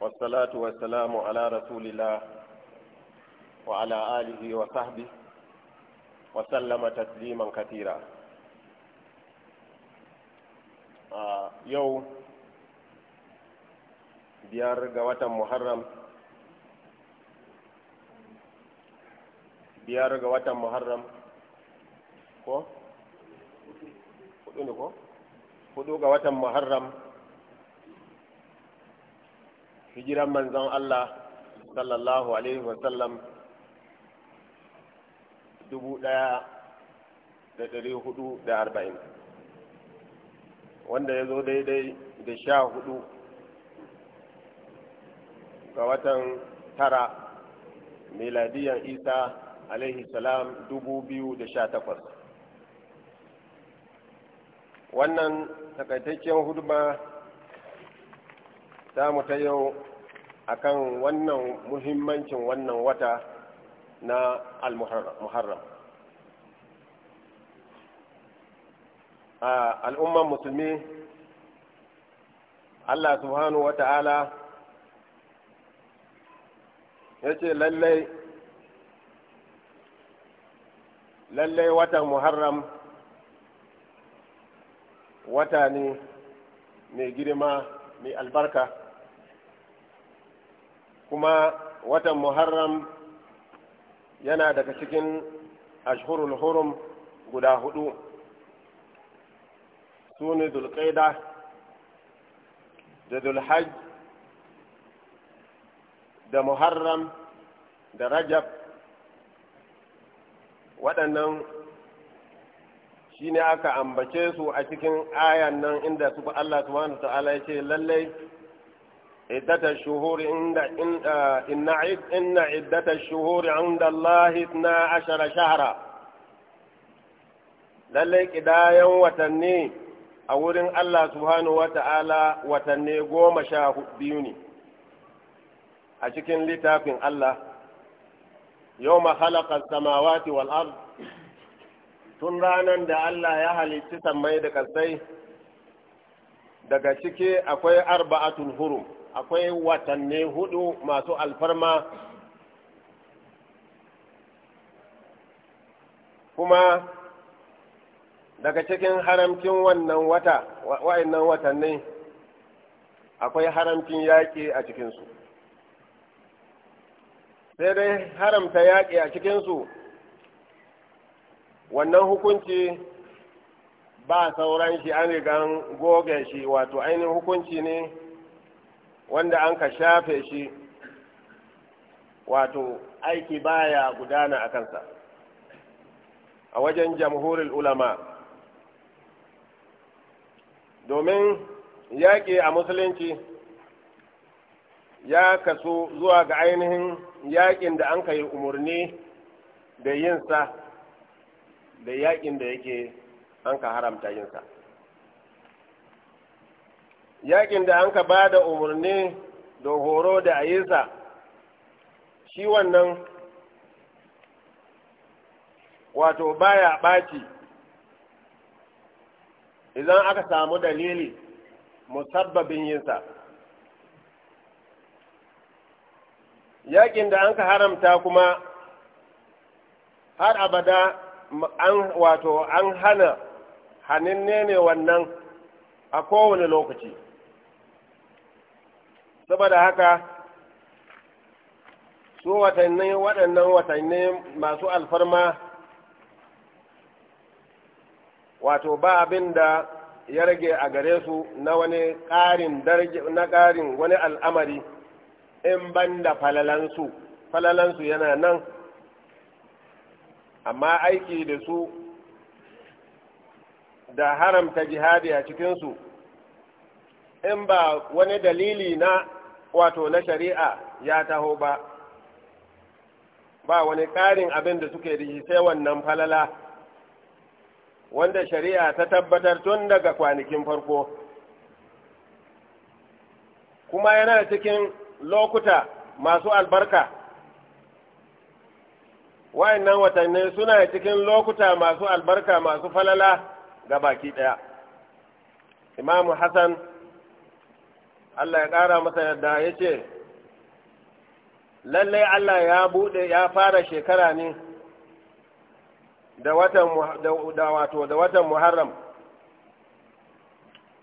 والصلاة والسلام على رسول الله وعلى آله وصحبه وسلم تسليما كثيرا يوم ديار ga محرم ديار biyar محرم watan muharram ko? ko? hudu ga watan muharram hijiran manzon Allah sallallahu alaihi wasallam dubu daya da dari hudu da arba'in wanda ya zo daidai da sha hudu ga watan tara miladiyan isa alaihi salam dubu biyu da sha takwas wannan takaitaccen hudba ta mu ta yau akan wannan muhimmancin wannan wata na al-muharram al'umman musulmi allah subhanahu wa ta'ala ya ce lallai watan muharram wata ne mai girma mai albarka kuma watan muharram yana daga cikin ashhurul hurum guda hudu su ne dulƙaida da dulhaj da muharram da rajab waɗannan ne aka ambace su a cikin ayan nan inda su Allah subhanahu ta'ala ya ce lallai iddata shuhuri inda inna inna iddata shuhuri inda Allah ashara shahara lallai kidayan watanni a wurin Allah subhanahu ta'ala watanni goma sha biyu ne a cikin littafin Allah yau ma halakar samawati wal ard tun ranar da Allah ya halicci sammai da kasai daga ciki akwai arba'atul hurum akwai watanni hudu masu alfarma kuma daga cikin haramcin wannan wata wa'annan watanni akwai haramcin yaƙi a cikinsu sai dai haramta yaƙi a cikinsu wannan hukunci ba sauran shi an rigan goge shi wato ainihin hukunci ne wanda an ka shafe shi wato aiki baya gudana a kansa a wajen jamhurin ulama domin yaƙi a musulunci ya kasu zuwa ga ainihin yaƙin da an ka yi umarni da sa da yakin da yake an ka haramta yinsa yakin da an ka ba da umarni da horo da ayinsa shi wannan wato baya ɓaci idan aka samu dalili musabbabin yinsa yakin da an ka haramta kuma har abada an wato an hana haninne ne wannan a kowane lokaci saboda haka su watanni waɗannan watanni masu alfarma wato ba abin da ya rage a gare su na wani ƙarin na ƙarin wani al'amari in ban da falalansu falalansu yana nan amma aiki da su da haramta jihadi a cikinsu in ba wani dalili na wato na shari'a ya taho ba ba wani ƙarin abin da suke da sai wannan falala wanda shari'a ta tabbatar tun daga kwanakin farko kuma yana cikin lokuta masu albarka Wannan watanni suna cikin lokuta masu albarka masu falala ga baki ɗaya imamu hassan allah ya ƙara masa yadda ya ce lallai allah ya buɗe ya fara shekara ne da watan muharram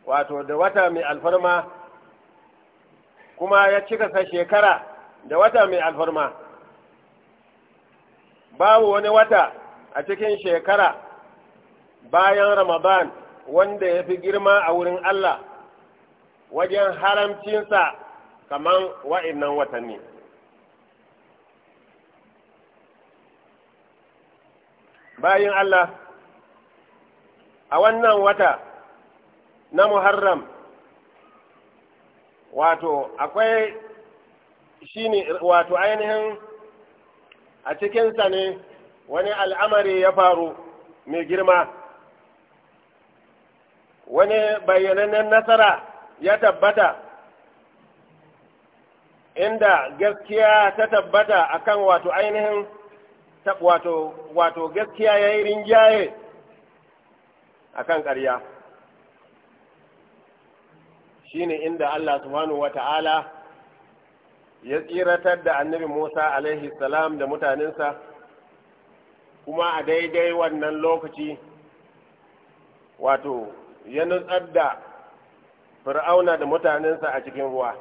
wato da wata mai alfarma kuma ya cika sa shekara da wata mai alfarma babu wani wata a cikin shekara bayan ramadan wanda ya fi girma a wurin Allah wajen haramcinsa kaman wa'innan watanni bayan Allah a wannan wata na Muharram wato akwai shi ne wato ainihin a cikinsa ne wani al'amari ya faru mai girma wani bayyanannen nasara ya tabbata inda gaskiya ta tabbata akan wato ainihin wato, wato gaskiya ya yi rinjaye akan ƙarya shi ne inda Allah subhanahu wa ta'ala ya tsiratar da annabi Musa alaihi salam da mutanensa kuma a daidai wannan lokaci wato ya nutsar da fir'auna da mutanensa a cikin ruwa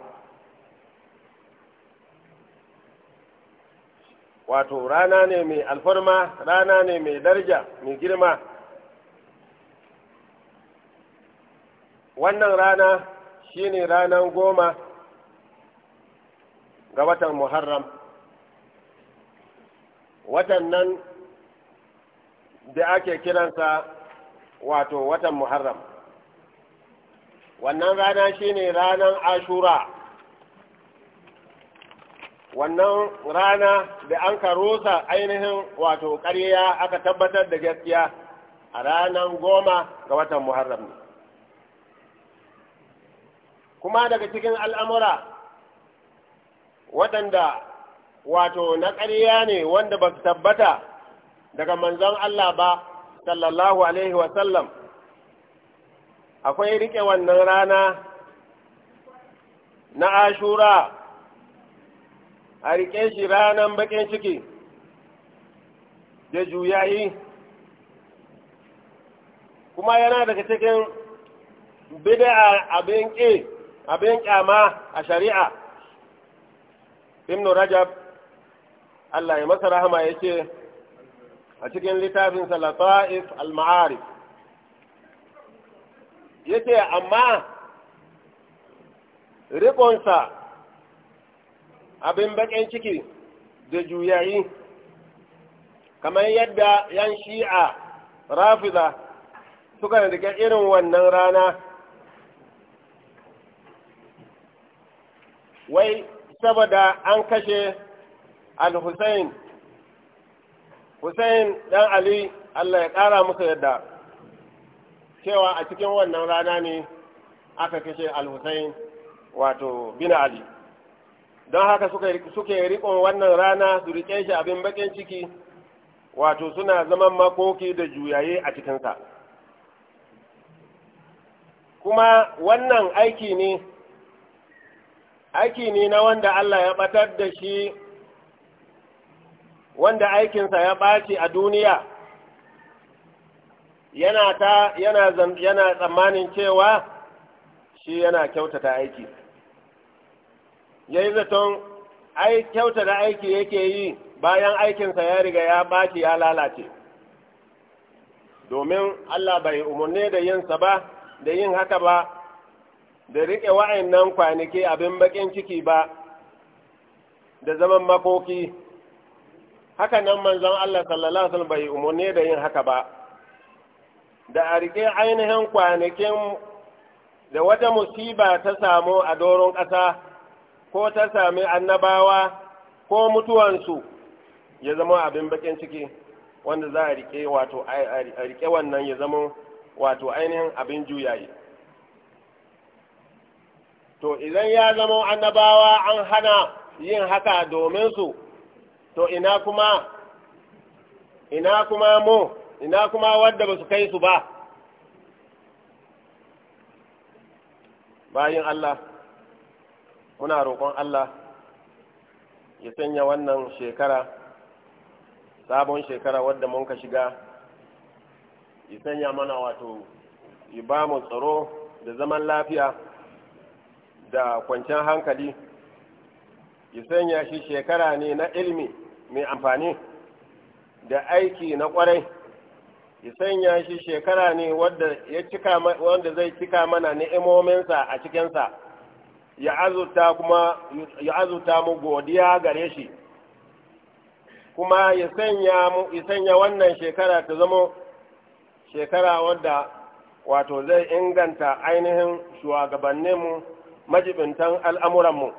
wato rana ne mai alfarma rana ne mai darja mai girma wannan rana shine ranar goma ga watan muharram watan nan da ake kiransa wato watan muharram wannan rana shine ranar ashura wannan rana da an karusa ainihin wato ƙarya aka tabbatar da gaskiya a ranar goma ga watan muharram kuma daga cikin al'amura waɗanda wato na ƙarya ne wanda ba su tabbata daga manzon Allah ba sallallahu alaihi wasallam akwai riƙe wannan rana na ashura a riƙe shi ranar baƙin ciki da juyayi kuma yana daga cikin bida abin ƙi abin ƙyama a shari'a ibn rajab Allah ya masa rahama ya ce a cikin littafin salata'if al-ma'arif ya ce amma riƙonsa abin baƙin ciki da juyayi kamar yadda yan shi'a rafiza suka rike irin wannan rana wai saboda an kashe al-Hussein Hussein dan Ali Allah ya ƙara musu yadda cewa a cikin wannan rana ne aka kashe al-Hussein wato bin Ali don haka suke riƙon wannan rana su riƙe shi abin baƙin ciki wato suna zaman makoki da juyaye a cikinsa kuma wannan aiki ne aiki ne na wanda Allah ya batar da shi wanda aikinsa ya ɓaci a duniya yana ta yana yana tsammanin cewa shi yana kyautata aiki yayi zaton ai kyautata aiki yake yi bayan aikinsa ya riga ya ɓaci ya lalace domin Allah bai umarni da yinsa ba da yin haka ba da riƙe wa'annan kwanaki abin baƙin ciki ba da zaman makoki haka nan manzon Allah sallallahu alaihi wasallam bai umarni da yin haka ba da a riƙe ainihin kwanakin da wata musiba ta samu a doron ƙasa ko ta sami annabawa ko mutuwansu ya zama abin bakin ciki wanda za a riƙe wannan ya zama wato ainihin abin juyayi to idan ya zama annabawa an hana yin haka domin su to ina kuma ina kuma mu ina kuma wadda ba su kai su ba bayin Allah muna roƙon Allah ya sanya wannan shekara sabon shekara wadda mun ka shiga ya sanya mana wato ya ba mu tsaro da zaman lafiya da kwanciyar hankali ya sanya shi shekara ne na ilmi mai amfani da aiki na kwarai ya sanya shi shekara ne wanda zai cika mana ni'imominsa a cikinsa ya azurta mu godiya gare shi kuma ya sanya mu ya sanya wannan shekara ta zama shekara wadda wato zai inganta ainihin shugabanninmu majibintan al'amuranmu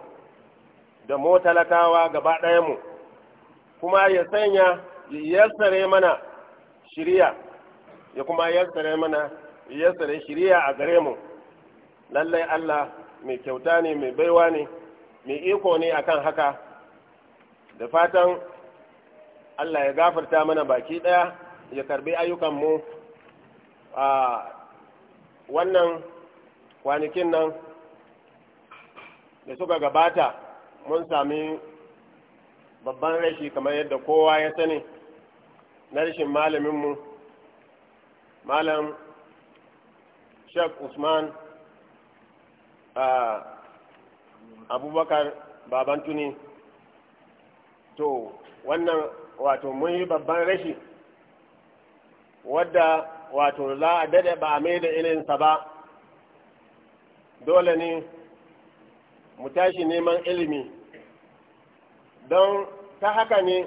da mu talakawa gaba ɗayanmu kuma ya sanya yassare mana shirya ya kuma yassare mana yassare shirya a gare mu lallai Allah mai kyauta ne mai baiwa ne mai iko ne akan haka da fatan Allah ya gafarta mana baki ɗaya ya karbi ayyukanmu a wannan kwanakin nan da suka gabata mun sami babban rashi kamar yadda kowa ya sani na rashin malaminmu malam shek usman abubakar baban tuni to wannan wato mun yi babban rashi wadda wato za a dade ba a mai da irinsa ba dole ne mu tashi neman ilimi don ta haka ne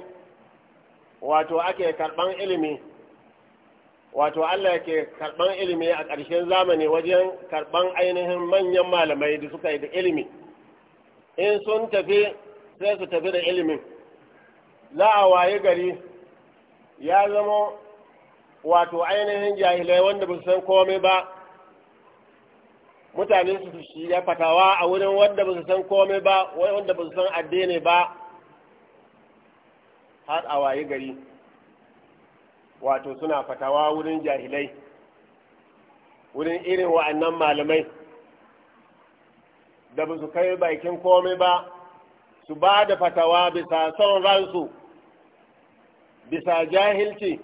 wato ake karban ilimi wato Allah ke karɓan ilimi a ƙarshen zamani wajen karɓan ainihin manyan malamai da suka yi da ilimi in sun tafi sai su tafi da ilimin za a waye gari ya zama wato ainihin jahilai wanda ba su san komai ba mutane su shi ya fatawa a wurin wanda ba su san komai ba wanda ba su san addini ba har a waye gari wato suna fatawa wurin jahilai wurin irin wa'annan malamai da ba su kai bakin komai ba su ba da fatawa bisa son ransu bisa jahilci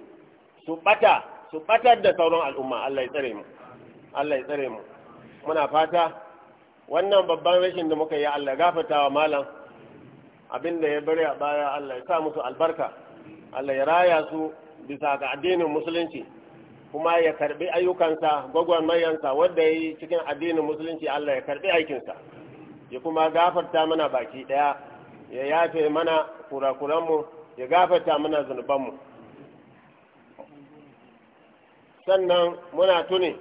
su bata su batar da sauran al'umma Allah ya tsare mu Allah ya tsare mu muna fata wannan babban rashin da muka yi Allah gafata wa malam abin da ya bari a baya Allah ya sa musu albarka Allah ya raya su bisa ga addinin musulunci kuma ya karbi ayyukansa gwagwan mayansa wadda ya yi cikin addinin musulunci Allah ya karbi aikinsa ya kuma gafata mana baki daya ya yafe mana kurakuranmu ya gafata mana zunubanmu sannan muna tuni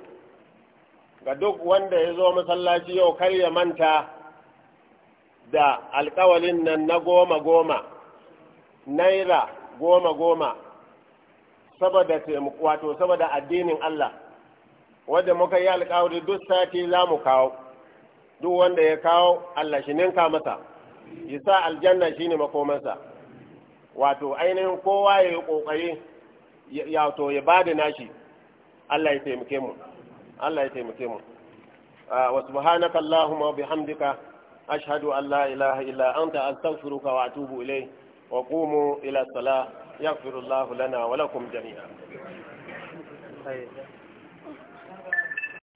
ga duk wanda ya zo masallaci yau kar ya manta da alkawalin nan na goma-goma naira goma-goma saboda wato saboda addinin Allah wadda muka yi alkawari duk sati za mu kawo duk wanda ya kawo Allah shi ninka masa yasa aljanna shine makomansa wato ainihin kowa ya yi kokari ya to ya bada nashi Allah ya taimake mu Allah ya taimake mu ah, wa subhanaka allahumma bihamdika ashhadu an la ilaha illa anta astaghfiruka wa atubu ilayk wa qumu ila salah yaghfirullahu lana wa lakum jami'an